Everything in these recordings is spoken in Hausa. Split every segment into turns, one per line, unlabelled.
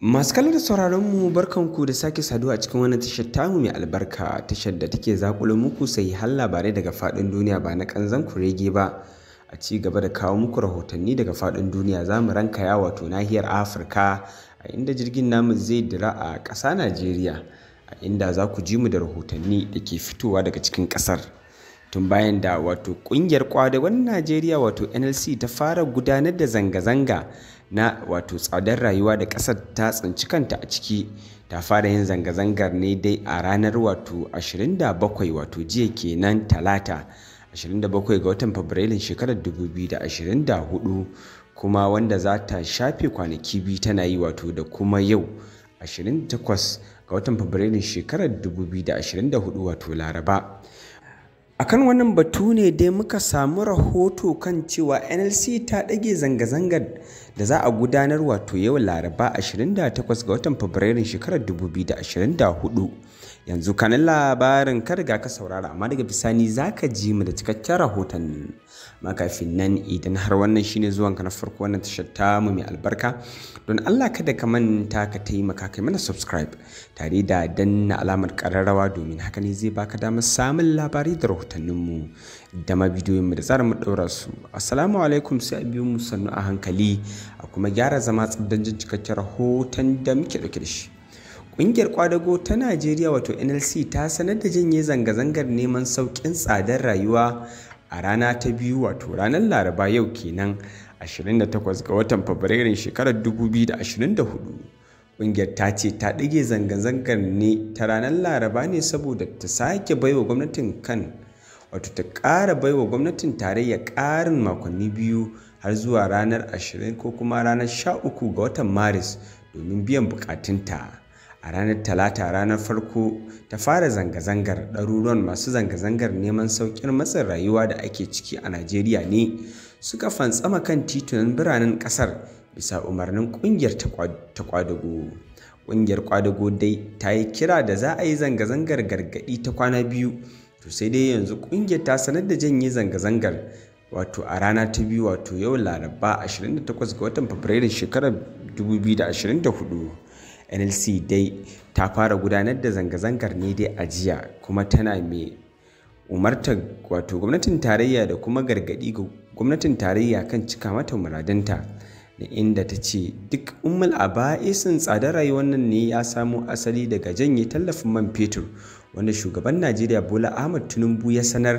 masu kallon da sauraronmu barkanku da sake saduwa a cikin wannan tashar tamu mai albarka tashar da take zakulo muku sai har labarai daga fadin duniya ba na kanzan kurege ba a ci gaba da kawo muku rahotanni daga fadin duniya za mu ranka ya wato nahiyar afirka a inda jirgin namu zai dira a ƙasa najeriya a inda za ku ji mu da rahotanni da ke fitowa daga cikin ƙasar tun bayan da wato ƙungiyar kwadagon najeriya wato nlc ta fara gudanar da zanga-zanga na wato tsadar rayuwa da ƙasar ta tsinci kanta a ciki ta fara yin zanga-zangar ne dai a ranar wato 27 wato jiya kenan talata 27 ga watan fabrailun shekarar 2024 kuma wanda za ta shafe kwanaki biyu tana yi wato da kuma yau 28 ga watan fabrairu shekarar 2024 wato laraba a kan wannan batu ne dai muka samu rahoto kan cewa nlc ta ɗage zanga-zangar da za a gudanar wato yau laraba 28 ga watan fabrairu shekarar 2024 yanzu kanin labarin ka riga ka saurara amma daga bisani za ka ji mu da cikakken rahoton makafin nan idan har wannan shine zuwan ka na farko wannan tashar tamu mai albarka don allah kada ka manta ka taimaka kai mana subscribe tare da danna alamar kararrawa domin haka ne zai baka damar samun labari da rahotanninmu da ma mu da tsarin mu daura su assalamu alaikum sai a biyu mu sannu a hankali a kuma gyara zama tsabdan jin cikakken rahoton da muke ɗauke da shi Ƙungiyar ƙwadago ta Najeriya wato NLC ta sanar da janye zanga-zangar neman sauƙin tsadar rayuwa a rana ta biyu wato ranar Laraba yau kenan 28 ga watan Fabrairun shekarar 2024. Ƙungiyar ta ce ta ɗage zanga-zangar ne ta ranar Laraba ne saboda ta sake baiwa gwamnatin kan wato ta ƙara baiwa gwamnatin tarayya ƙarin makonni biyu har zuwa ranar 20 ko kuma ranar 13 ga watan Maris domin biyan bukatunta. a ranar talata ranar farko ta fara zanga-zangar ɗaruruwan masu zanga-zangar neman saukin matsin rayuwa da ake ciki a najeriya ne suka fantsama kan titunan biranen ƙasar bisa umarnin ƙungiyar ta kwadago ƙungiyar kwadago dai ta yi kira da za a yi zanga-zangar gargaɗi ta kwana biyu to sai dai yanzu ƙungiyar ta sanar da janye zanga-zangar wato a rana ta biyu wato yau laraba 28 ga watan fabrairun shekarar 2024 nlc dai ta fara gudanar da zanga-zangar ne dai a jiya kuma tana mai umartar wato gwamnatin tarayya da kuma gargadi ga gwamnatin tarayya kan cika mata muradanta da inda ta ce duk ummul aba'isin tsadar rayuwar nan ne ya samo asali daga janye tallafin man fetur wanda shugaban najeriya bola ahmad tinubu ya sanar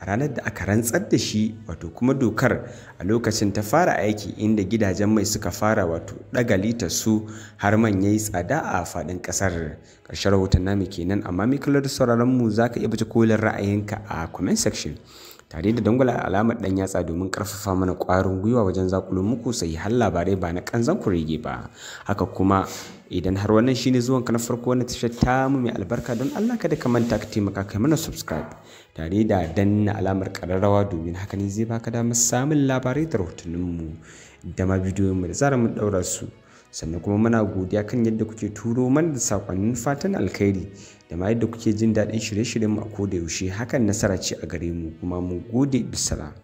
a ranar da aka rantsar da shi wato kuma dokar a lokacin ta fara aiki inda gidajen mai suka fara wato daga litar su har man ya yi tsada a fadin kasar karshen rahoton namu kenan amma mikalar sauraron mu ka iya baje kolin ra'ayinka a comment section tare da dangwala alamar dan yatsa domin karfafa mana kwarin gwiwa wajen zakulo muku sai har labarai ba na kanzan kurege ba haka kuma idan har wannan shine zuwan ka na farko wannan tashar ta mu mai albarka don Allah kada ka manta ka taimaka kai mana subscribe tare da danna alamar kararrawa domin haka ne zai baka damar samun labarai da rahotannin mu da ma bidiyon mu da zaran mu daura su sannan kuma muna godiya kan yadda kuke turo mana da sakonnin fatan alkhairi da ma yadda kuke jin daɗin shirye-shiryen mu a koda yaushe hakan nasara ce a gare mu kuma mu gode bisara